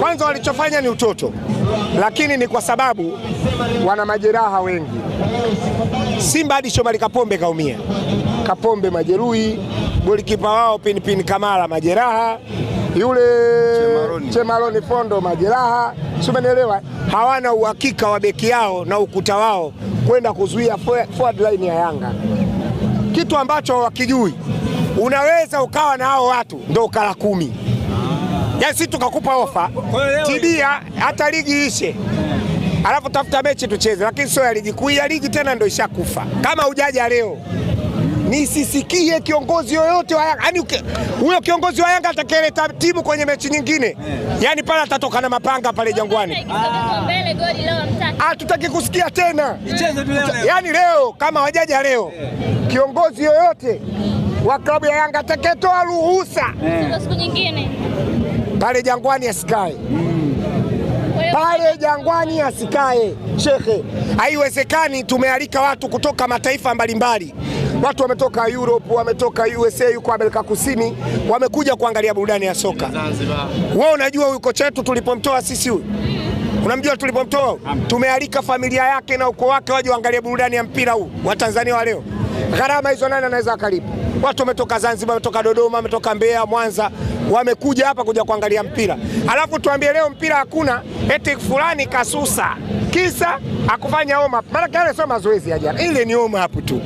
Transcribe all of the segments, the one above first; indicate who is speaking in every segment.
Speaker 1: Kwanza walichofanya ni utoto, lakini ni kwa sababu wana majeraha wengi. Simba hadi Shomari Kapombe kaumia, Kapombe majeruhi, golikipa wao Pinipini Kamara majeraha, yule Chemaroni, Chemaroni Fondo majeraha, si umenielewa? Hawana uhakika wa beki yao na ukuta wao kwenda kuzuia forward line ya Yanga, kitu ambacho wakijui Unaweza ukawa na hao watu ndo ukala kumi yaani sisi tukakupa ofa tibia hata ligi ishe alafu tafuta mechi tucheze, lakini sio ya ligi kuu. Ya ligi tena ndio ishakufa. Kama hujaja leo, nisisikie kiongozi yoyote wa Yanga, yaani huyo kiongozi wa Yanga atakayeleta timu kwenye mechi nyingine, eh. yani pale atatoka na mapanga pale Jangwani. Hatutaki kusikia tena, yani leo kama wajaja leo, eh. kiongozi yoyote wa klabu ya Yanga atakayetoa ruhusa pale Jangwani asikae pale Jangwani asikae shekhe, haiwezekani. Tumealika watu kutoka mataifa mbalimbali, watu wametoka Europe, wametoka USA, yuko Amerika Kusini, wamekuja kuangalia burudani ya soka. Wewe unajua huyu kocha wetu tulipomtoa sisi huyu unamjua tulipomtoa, tumealika familia yake na ukoo wake waje waangalie burudani ya mpira huu wa Tanzania wa leo. Gharama hizo nani anaweza akalipa? Watu wametoka Zanzibar, wametoka Dodoma, wametoka Mbeya, Mwanza wamekuja hapa kuja kuangalia mpira, alafu tuambie leo mpira hakuna, eti fulani kasusa, kisa akufanya homa. Mara kale sio mazoezi ya jana, ile ni homa hapo tu.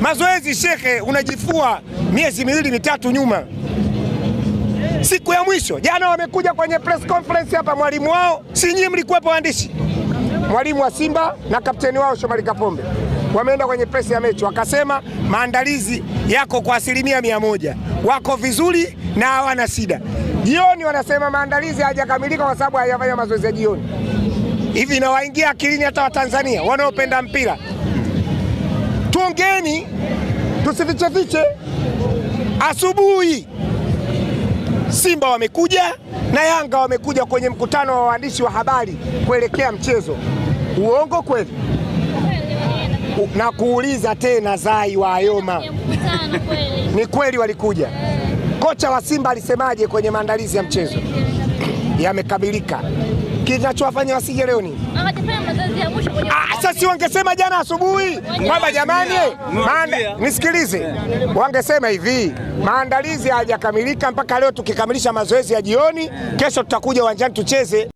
Speaker 1: Mazoezi shekhe, unajifua miezi miwili mitatu nyuma. Siku ya mwisho jana wamekuja kwenye press conference hapa, mwalimu wao, si nyinyi mlikuwepo waandishi, mwalimu wa Simba na kapteni wao Shomari Kapombe wameenda kwenye press ya mechi wakasema maandalizi yako kwa asilimia mia moja, wako vizuri na hawana shida. Jioni wanasema maandalizi hayajakamilika kwa sababu hayajafanya mazoezi ya jioni. Hivi inawaingia akilini hata Watanzania wanaopenda mpira? Tuongeni, tusifichefiche. Asubuhi Simba wamekuja na Yanga wamekuja kwenye mkutano wa waandishi wa habari kuelekea mchezo. Uongo kweli? Na kuuliza tena, Zai wa Ayoma, ni kweli walikuja? Eh kocha wa Simba alisemaje kwenye maandalizi ya mchezo? Yamekamilika. Kinachowafanya wasije leo ni ah, sasa, si wangesema jana asubuhi kwamba jamani, nisikilize, wangesema hivi maandalizi hayajakamilika mpaka leo, tukikamilisha mazoezi ya jioni, kesho tutakuja uwanjani tucheze.